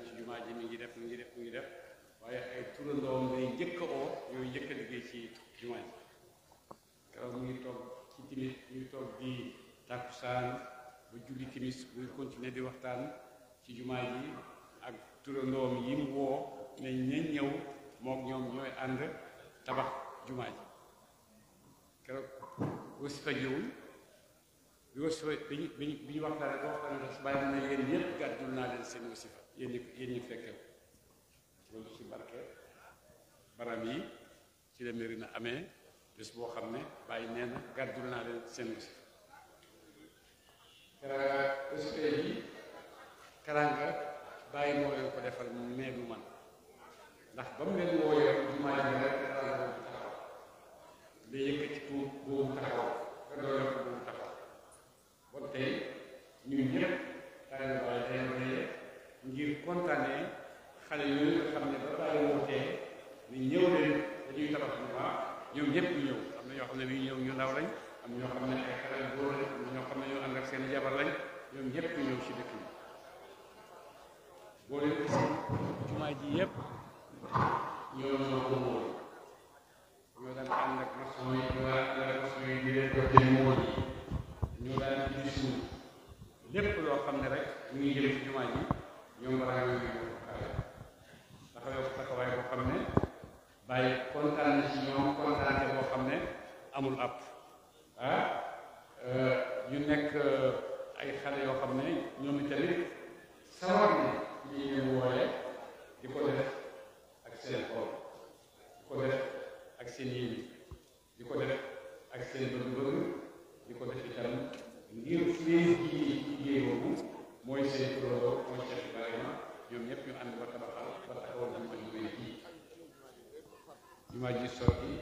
sant jumaa ji mi ngi def mi ngi def mi ngi def waaye ay turandoom lay njëkk a oo ñooy njëkk liggéey ci jumaa ji keroog mu ngi toog ci timit mu ngi toog di tàkkusaan bu julli timis muy continuer di waxtaan ci jumaa ji ak turandoom yi mu woo ne ñañ ñëw mook ñoom ñooy ànd tabax jumaa ji keroog wasifa jiwul bi bi ñu bi ñu waxtaanee ko waxtaanee ko su bàyyi gàddul naa leen seen wasifa yéen ñi yéen ñi fekkee loolu ci barke baram yi ci la na amee bés boo xam ne bàyyi nee na gàddul naa leen seen bés karanga bés tey ko defal nee du man ndax ba mu leen wooyee jumaa ji rek karanga boobu taxaw la yëkkati boobu taxaw ka doole boobu taxaw bon tey ñun ñëpp karanga bàyyi tey ngir kontaanee xale yooyu xam ne ba bàyyi wootee ni ñëw dañuy tabax bu baax ñoom ñëpp ñëw am na ñoo xam ne bi ñëw ñu ndaw lañ am ñoo xam ne ay xale góor lañ am ñoo xam ne ñoo ànd ak ñoom ñëpp ñu ci dëkk bi boo ak maçon yi ñoo daan ànd ak maçon yi di leen dootee mool yi ñoo daan di suuf lépp loo xam ne rek ñu ngi jële ci jumaa ji yombalaayu yu ñu xawee dafa yokk taxawaay boo xam ne bàyyi kontaan na ci ñoom kontaante boo xam ne amul àpp ah euh, ñu nekk euh, ay xale yoo xam ne ñoom itamit sawar na ñu leen wooye di ko def ak seen xol di ko def ak seen yéene di ko def ak seen bëgg-bëgg di ko def itam ngir fii ci liggéey boobu mooy seen turandoo mooy Cheikh Ibrahima ñoom ñëpp ñu ànd ko tabaxal ba taxawal nañ ko jubee jii jumaa ji sotti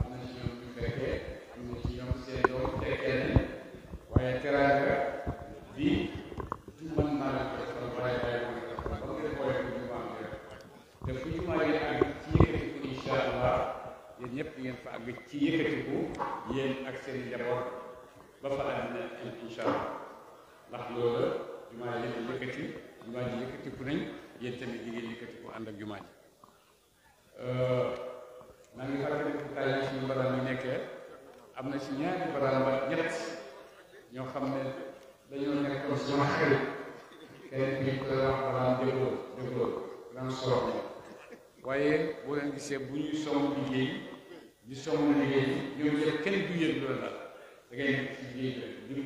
am na ci ñoom ñu fekkee am na ci ñoom seen doom fekkee nañ waaye teraanga bi mën naa leen ko defal waaye waaye mën na defal ba ngeen boole ko jumaa bi rek te fu jumaa yi àgg ci yëkkatiku incha allah yéen ñëpp ngeen fa àgg ci yëkkatiku yéen ak seen njaboot ba fa àddina incha allah ndax loolu jumaa ji yëkkati jumaa ji yëkkatiku nañ yéen tamit di ngeen yëkkatiku ànd ak jumaa ji euh, maa ngi fàttaliku tay yi nekkee am na si ñaari baraan ba ñett ñoo xam ne dañoo nekkoon sama xarit kenn ki ko wax baraan dégloo dégloo lan solo waaye boo leen gisee bu ñuy somm liggéey di somm liggéey ñoom ñëpp kenn du loolu la da ngay ci liggéey bi di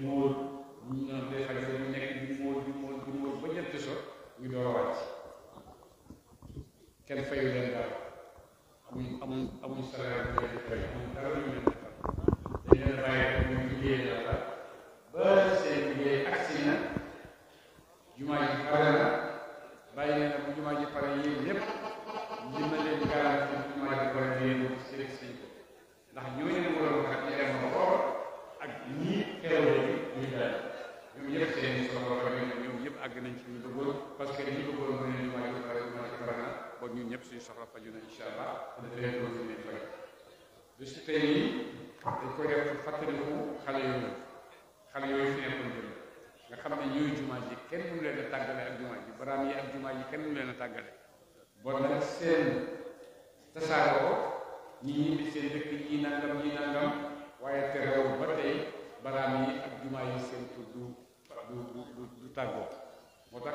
ñu naan day xaj ñu nekk di móol di móol a wàcc kenn fayu leen bàyyi ñu na jumaa ji pare na bàyyi leen bu jumaa ji pare yéen jumaa ji pare yéen seen seen ko ndax àgg nañ ci ñu bëggoon parce que li ñu bëggoon mu ne waaye bare ma ci bare na kon ñun ñëpp suñu soxla faju na incha allah dañ leen doon fi ne faj bis ci tey nii dañ koy def fàttaliku xale yooyu xale yooyu fi nekkoon jëm nga xam ne yooyu jumaa ji kenn mënu leen a tàggale ak jumaa ji kenn mënu leen tàggale bon nag seen tasaaroo ñi ñibbi seen baraam yi ak jumaa yi seen tur du du du tàggoo moo tax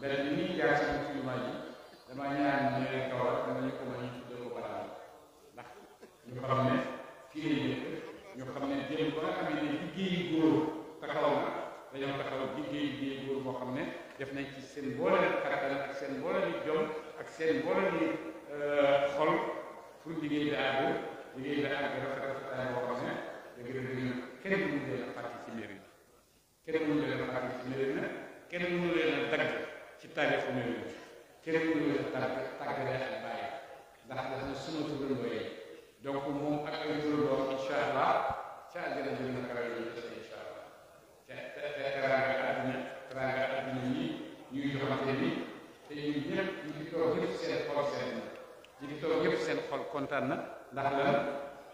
benn bi jaar si musulman yi damaa ñaan ñu leen kawal dama ñu ko mën a tuddee ko balaa ndax ñu xam ne fii la ñu ñu xam ne jëm ba nga ne liggéeyu góor taxaw na dañoo taxaw liggéeyu liggéeyu góor boo xam ne def nañ ci seen boole kattan ak seen boole ni jom ak seen boole ni euh, xol pour liggéey bi liggéey bi àgg rafet rafetaay boo xam ne dëgg-dëgg kenn mënu leen a fàtte ci mbir yi kenn mënu leen a fàtte ci mbir yi kenn mënu leen a dagg ci taarixu ñoom it kenn mënu leen a tàgg tàggale ak bàyyi ndax daf suma turandoo yi donc moom ak ay turandoo incha allah ca àjjana bi na kawe ñu def incha allah ñuy joxante bi te ñun ñëpp ñu ngi seen xol seen na ñu ngi seen xol kontaan na ndax lan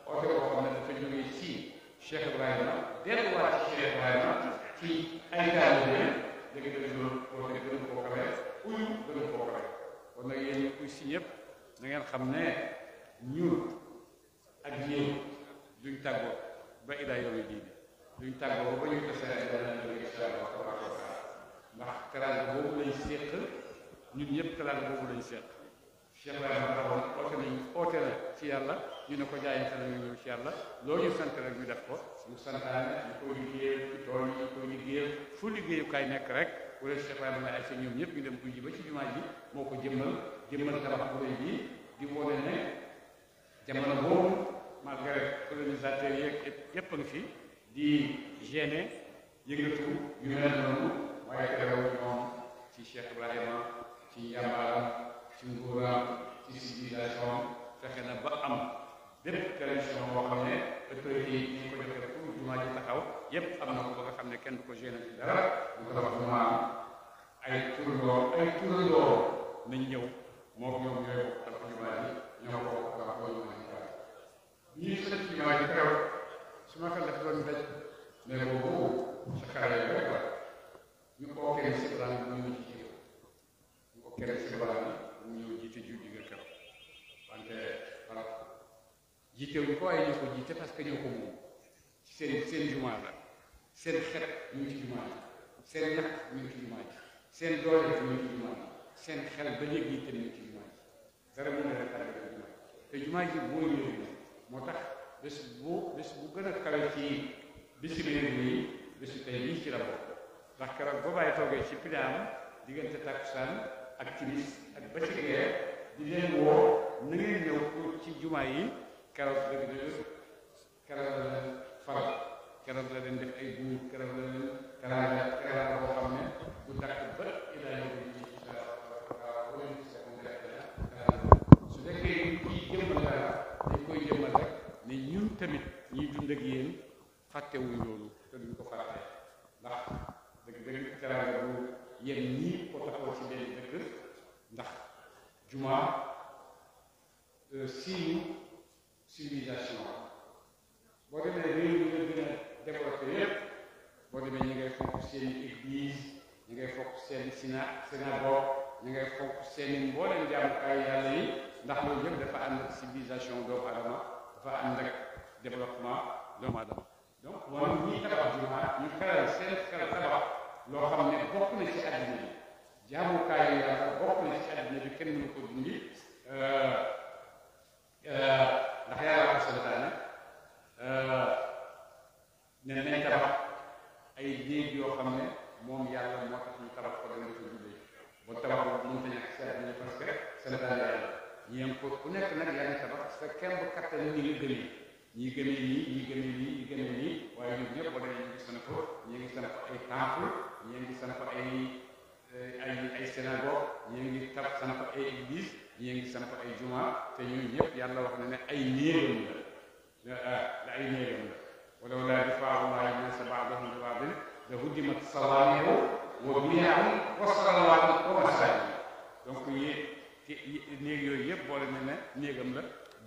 oote boo xam ne dafa jógee ci Cheikh Ibrahima delluwaat ci Cheikh Ibrahima ci ay taalibe léegi dana gën a woote gën kon nag yéen uy si yëpp da ngeen xam ne ñun ak yéen duñ tàggoo ba idaa yawmi diini duñ tàggoo ba ñu tasee dana ñu insha Allah tabaraka wa taala ndax kalaal boobu lañ séq ñun ñëpp kalaal boobu lañ séq Cheikh Baye Mara woon nañu oote la ci yàlla ñu ne ko jaayante la ñu ñëw ci yàlla loo ñu rek ñu def ko ñu santaane ñu ko liggéeyal ci tool ñu ko liggéeyal fu liggéeyukaay nekk rek wala Cheikh Baye Mara ay sa ci jumaa ji moo ko jëmmal jëmmal tabax bu rëy bii di wone fi di ci Cheikh ci nguuraam ci fexe na ba am bépp création boo xam ne autorité yi ñu ko joxee pour jumaa ji taxaw yépp am na ko ba nga ne kenn du ko gêné ci dara du ko tabax jumaa am ay turandoo ay turandoo nañ ñëw ko ñoom ñooy bokk tabax jumaa ji ñoo ko tabax boo jumaa ji taxaw ñii sët jumaa ji teew su ma xel dafa doon daj mais boobu te ñoo seen seen jumaa la seen xet ñu ngi ci jumaa ji seen ñaq ñu ci jumaa ji seen doole ñu ngi ci jumaa ji seen xel ba léegi itam ñu ci jumaa ji te jumaa ji boo ñëwee moo tax bés bu bés bu gën a kawe ci bési beneen bi bésu tey lii ci la ndax keroog boo bàyyi toogee ci pilaam diggante takkusaan ak timis ak ba ci geer di leen woo na ñëw ci jumaa yi keroog dëgg-dëgg keroog la leen def ay buur keroog la leen teraanga teraanga boo xam ne bu dakk ba ilaa yow yi su fekkee kii jëmmal dara dañ koy jëmmal rek ne ñun tamit ñuy dund ak yéen fàttewuñ loolu te duñ ko fàtte ñii ko benn dëkk ndax jumaa euh, signe civilisation boo demee réew mi nga gën a développé yépp boo demee ñi ngay fonk seen église ñi ngay fonk seen sina synagogue ñi ngay fonk seen mbooleem jaamukaay yàlla yi ndax loolu yëpp dafa ànd ak civilisation doomu adama dafa ànd ak développement doomu adama donc wan ñuy tabax jumaa ñu xelal seen xel tabax loo xam ne bokk na ci àddina bi jaamukaayu yàlla bokk na ci àddina bi kenn mënu ko dindi ndax yàlla ko santaane tamit ñi ngi gëmee ñi gëmee nii ñi gëmee nii ñi gëmee nii waaye ñun ñëpp wala ñu ngi sanako ñu ngi sanako ay temple ñu ngi sanako ay eh, ay ay synagogue ñu ngi tab sanako ay église ñu ngi sanako ay juma te ñu ñëpp yàlla wax na ay néegam la ah, la ay néegam la wala wala difaarullahi nasa baadahum bi baadin la huddimat sawaami'u wa biyaa'un wa salawaatun wa masaajid donc yéen néeg yooyu yëpp boole na néegam la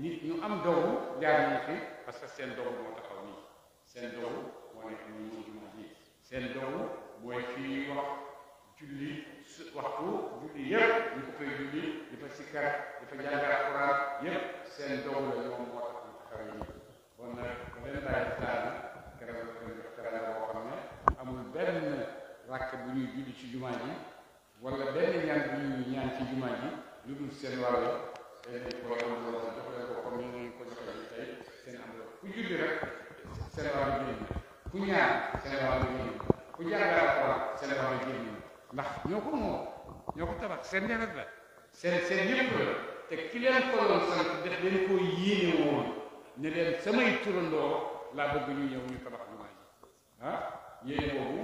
nit ñu am dogu jaar nañ fi parce que seen dogu moo taxaw nii seen dogu moo nekk nii seen dogu mooy wax julli su waxtu julli yëpp ñu ko fay julli di fa sikkar di fa jàngal alquran seen dogu la ñoom moo tax ñu taxawee nii kon nag ba leen bàyyi taana keroog la ko jox teranga xam ne amul benn rakk bu ñuy julli ci jumaa ji wala benn ñaan bu ñuy ñaan ci jumaa ji lu dul seen wàll dañ ko am loolu jox ñaan seen wàllu jiw ku jàngal alxuraan seen ndax ñoo ko moom ñoo ko tabax seen deret la seen seen yëpp la te ki leen ko sant def leen koo yéene ne leen samay turandoo laa bëgg ñu ñëw ñu tabax jumaa ji ah yéene boobu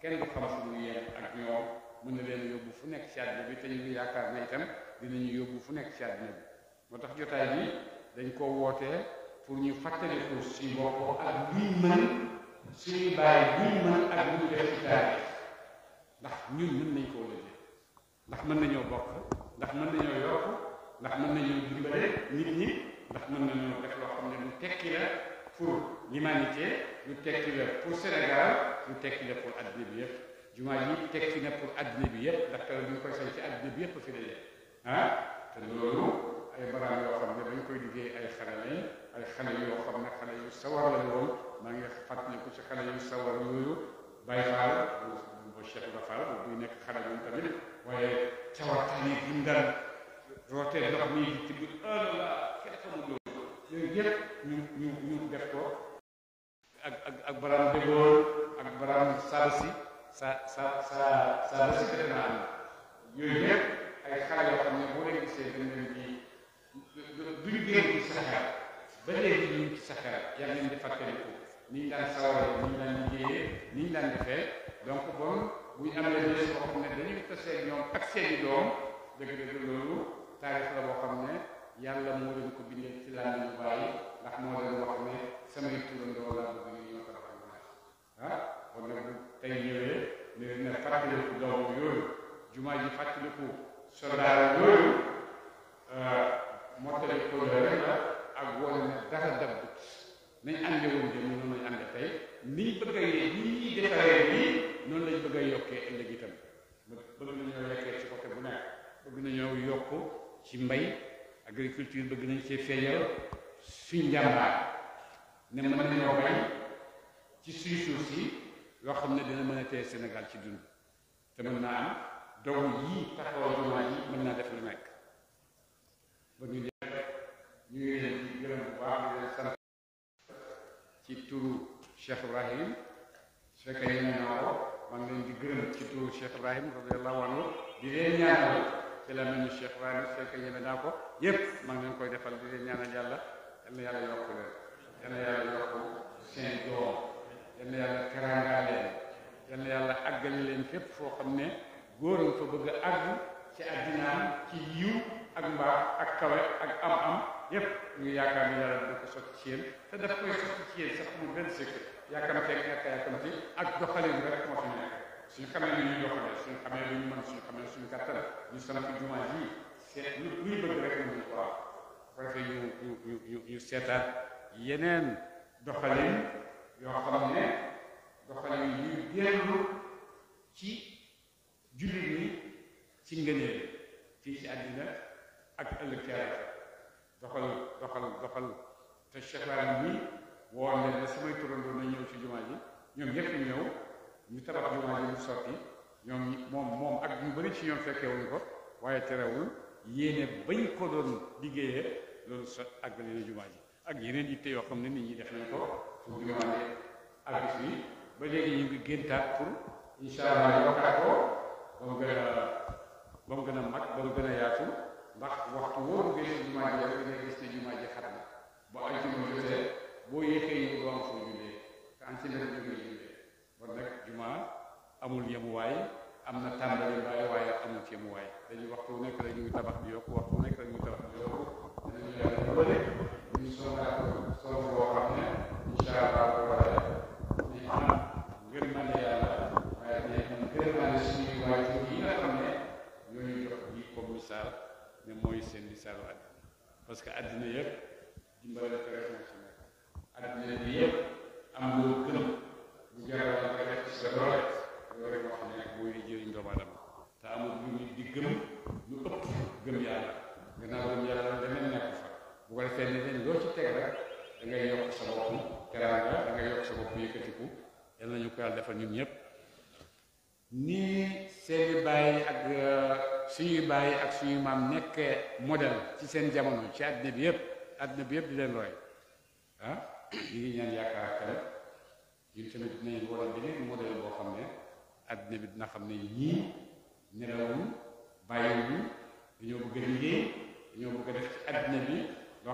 kenn du xam fu mu yem ak ñoom mën na leen yóbbu fu nekk ci àddina bi te ñu ngi yaakaar ne itam ñu yóbbu fu nekk si àddina bi moo tax jotaay bi dañ ko wootee pour ñu fàttaliku si bopp ak luy mën suñuy bàyyi duñ mën ak ñu def ci daara ndax ñun mën nañ koo lëjee ndax mën nañoo bokk ndax mën nañoo yokk ndax mën nañoo dimbale nit ñi ndax mën nañoo def loo xam ne lu tekki la pour l'humanité lu tekki la pour Sénégal lu tekki la pour addina bi yëpp jumaa yi tekki na pour addina bi yëpp ndax keroog ñu koy sañ ci addina bi yëpp fi daje ah te loolu ay baraan yoo xam ne dañ koy liggéey ay xale lañ ay xale yoo xam ne xale yu sawar lañ woon maa ngi fàttaliku ci xale yu sawar yooyu Baye Fall boobu Cheikh Ibrahima Fall boobu nekk rootee ndox mi ci biir heure la kenn xamul yooyu yëpp ñu def ko ak ak ak baraam ak baraam sadasi sa sa sa sadasi defe naa am yooyu yëpp ay xale yoo xam ne boo leen gisee dañ leen di yaa ngi leen di fàttaliku ni ñu daan sawaree ni ñu daan liggéeyee ni daan defee donc bon bu ñu amee bés boo xam ne dañuy tasee ñoom ak seen i doom dëgg-dëgg loolu taarix la boo xam ne yàlla moo leen ko bindee ci laa ñu bàyyi ndax moo leen wax ne samay turandoo laa bëgg ñu ñoo ko defal naaj ah kon nag tey ñëwee ne dina fàttaliku doom yooyu jumaa ji fàttaliku soldaar yooyu euh, mottali ko rek la ak wone ne dara dabbut nañ ànde woon dem noonu lañ ànde tey niñ bëgg a yee ni defaree nii noonu lañ bëgg a yokkee ëllëg itam bëgg nañoo yokkee ci côté bu nekk bëgg nañoo yokk ci mbay agriculture bëgg nañ cee feeñal suñ njàmbaar ne mën nañoo bay ci suñ suuf si loo xam ne dina mën a teye Sénégal ci dund te mën naa am doom yii taxawal jumaa yi mën naa def lu nekk ba ñu ñu ngi leen di gërëm bu baax di leen sant ci turu Cheikh Ibrahim su fekkee yéen naa ko maa ngi di gërëm ci turu Cheikh Ibrahim radiyallahu anhu di leen ñaanal ci la mel ni Cheikh Ibrahim su fekkee yéen naa ko yépp maa ngi leen koy defal di leen ñaanal yàlla yal na yàlla yokk leen yal yàlla yokk seen doom yàlla teraangaa yàlla àggal leen foo xam ne góoram fa bëgg a ci àddinaam ci yiw ak mbaax ak kawe ak am-am yépp ñu yaakaar ni yàlla dina ko sotti ci yéen te daf koy sotti ci yéen sax mu benn sëkk yaakamteeg ñàkk yaakamti ak doxalin rek moo fi nekk suñu xamee ni ñuy doxalee suñu xamee lu ñu mën suñu xamee suñu kàttan ñu sant jumaa ji seet lu luy bëgg rek ñu ko wax bu ñu ñu yeneen doxalin yoo xam ne doxalin yuy dellu ci jullit ñi ci ngëneel fii ci àddina ak ëllëg doxal doxal doxal te Cheikh Laay ñi woon leen ne samay turandoo na ñëw ci jumaa ji ñoom yëpp ñu ñëw ñu tabax jumaa ji ñu sotti ñoom moom moom ak ñu bëri ci ñoom fekkewuñu ko waaye terewul yéene bañ ko doon liggéeyee loolu sa àggale na jumaa ji ak yeneen yitte yoo xam ne nit ñi def nañ ko pour jumaa ji ak bis yi ba léegi ñu ngi géntaat pour incha allah yokkaat ko ba mu gën a ba mu gën a mag ba mu gën a ci lañ jóge liggéey kon nag jumaa amul yemuwaay am na tàmbali waaye waaye amul ci yemuwaay dañuy waxtu nekk rek ñuy tabax di yokku waxtu nekk rek tabax di yokku dañuy yàlla dimbale ñu sonal sonal ne incha waaye di am ngërmande xam ne ñooñu jox ji comme misaal ne mooy seen misaalu àddina parce que àddina yëpp suñu maam nekkee modèle ci seen jamono ci àddina bi yëpp àddina bi yëpp di leen roy ah ngi ñaan yaakaar kale ñun tamit dinañ war a beneen modèle boo xam ne àddina bi dina xam ne ñii nelawuñ bàyyiwuñ dañoo àddina bi loo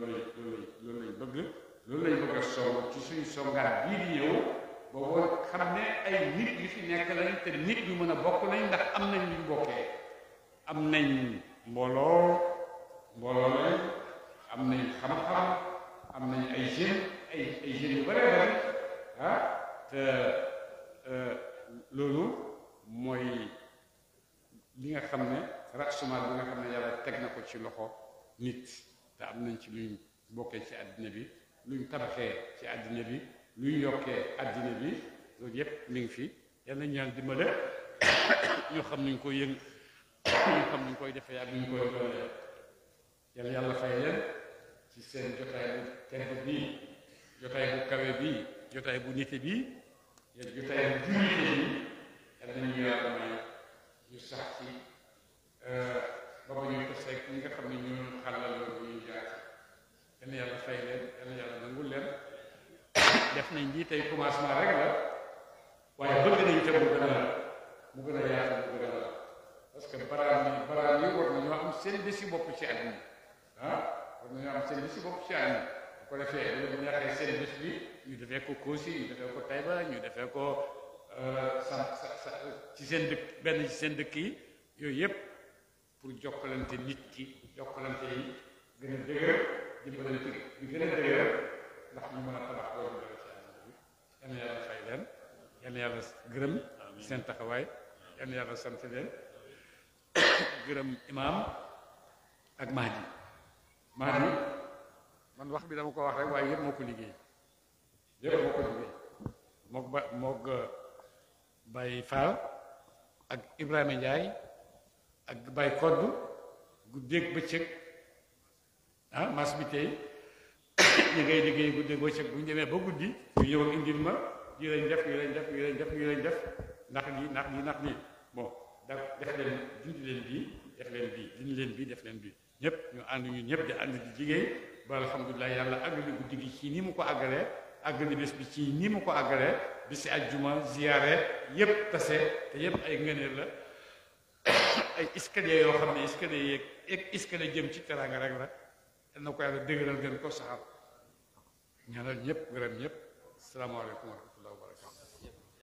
loolu lañ loolu bëgg loolu lañ bëgg a ci suñu songaat bii di ñëw boobu xam ne ay nit yu fi nekk lañ te nit yu mën a bokk lañu ndax am nañ luñ bokkee am nañ mbooloo mbooloo lañ am nañ xam-xam am nañ ay jeunes ay ay jeunes yu bare bari ah, te loolu mooy li nga xam ne rasumaat bi nga xam ne yàlla teg na ko ci loxo nit te am nañ ci luñ bokkee ci àddina bi luñ tabaxee ci àddina bi luy yokkee addina bi loolu yëpp mi ngi fi yal nañu yàlla dimbale ñu xam ni ñu koy yëng ñu xam ni ñu koy defee ak ñu koy doole yal yàlla fay ci seen jotaay bu tedd bii bu kawe bii jotaay bu ñu sax ci euh, ba ñu ko seeg nga xam ne ñoo xàllal loolu ñuy jaar yal yàlla fay leen def nañ lii tay commencement rek la waye bëgg nañ ci bu gën a mu gën a yaatu a la parce que param ni param yi war nañoo am seen bési bop ci ak mi ah war nañoo am seen bési bop ci ak mi bu ko defee ñu bu seen bés bi ñu defee ko ci ñu defee ko Taïba ñu defee ko euh, ci seen dëkk ben ci seen dëkk yi yoy yépp pour jokkalante nit ki jokkalante yi gëna a dëgër dimbalante bi gën a dëgër ndax ñu mën a yal na yàlla fay leen yàlla gërëm seen taxawaay yal yàlla sant leen gërëm imaam ak Mahdi Mahdi man wax bi dama ko wax rek waaye yëpp moo ko liggéey yëpp moo ko liggéey mook ba mook euh, Baye Fall ak Ibrahima Ndiaye ak Baye Kodd guddeeg bëccëg ah bi tey ñu ngay liggéey guddeeg bëccëg bu ñu demee ba guddi ñu ñëw indil ma yi lañ def yi lañ def yi lañ def yi lañ def ndax lii ndax lii ndax lii bon da def leen dindi leen bii def leen bii dindi def leen bii ñëpp ñu ànd ñu ñëpp di ànd di liggéey ba alhamdulilah yàlla àggali guddi gi ci ni mu ko aggalee àggali bés bi ci nii mu ko àggalee bési ajjuma ziyaare yëpp tase te yëpp ay ngëneel la ay escalier yoo xam ne escalier yeeg escalier jëm ci teranga rek la na ko yàlla dëgëral ko saxal ñaanal ñëpp gërëm ñëpp salaamaaleykum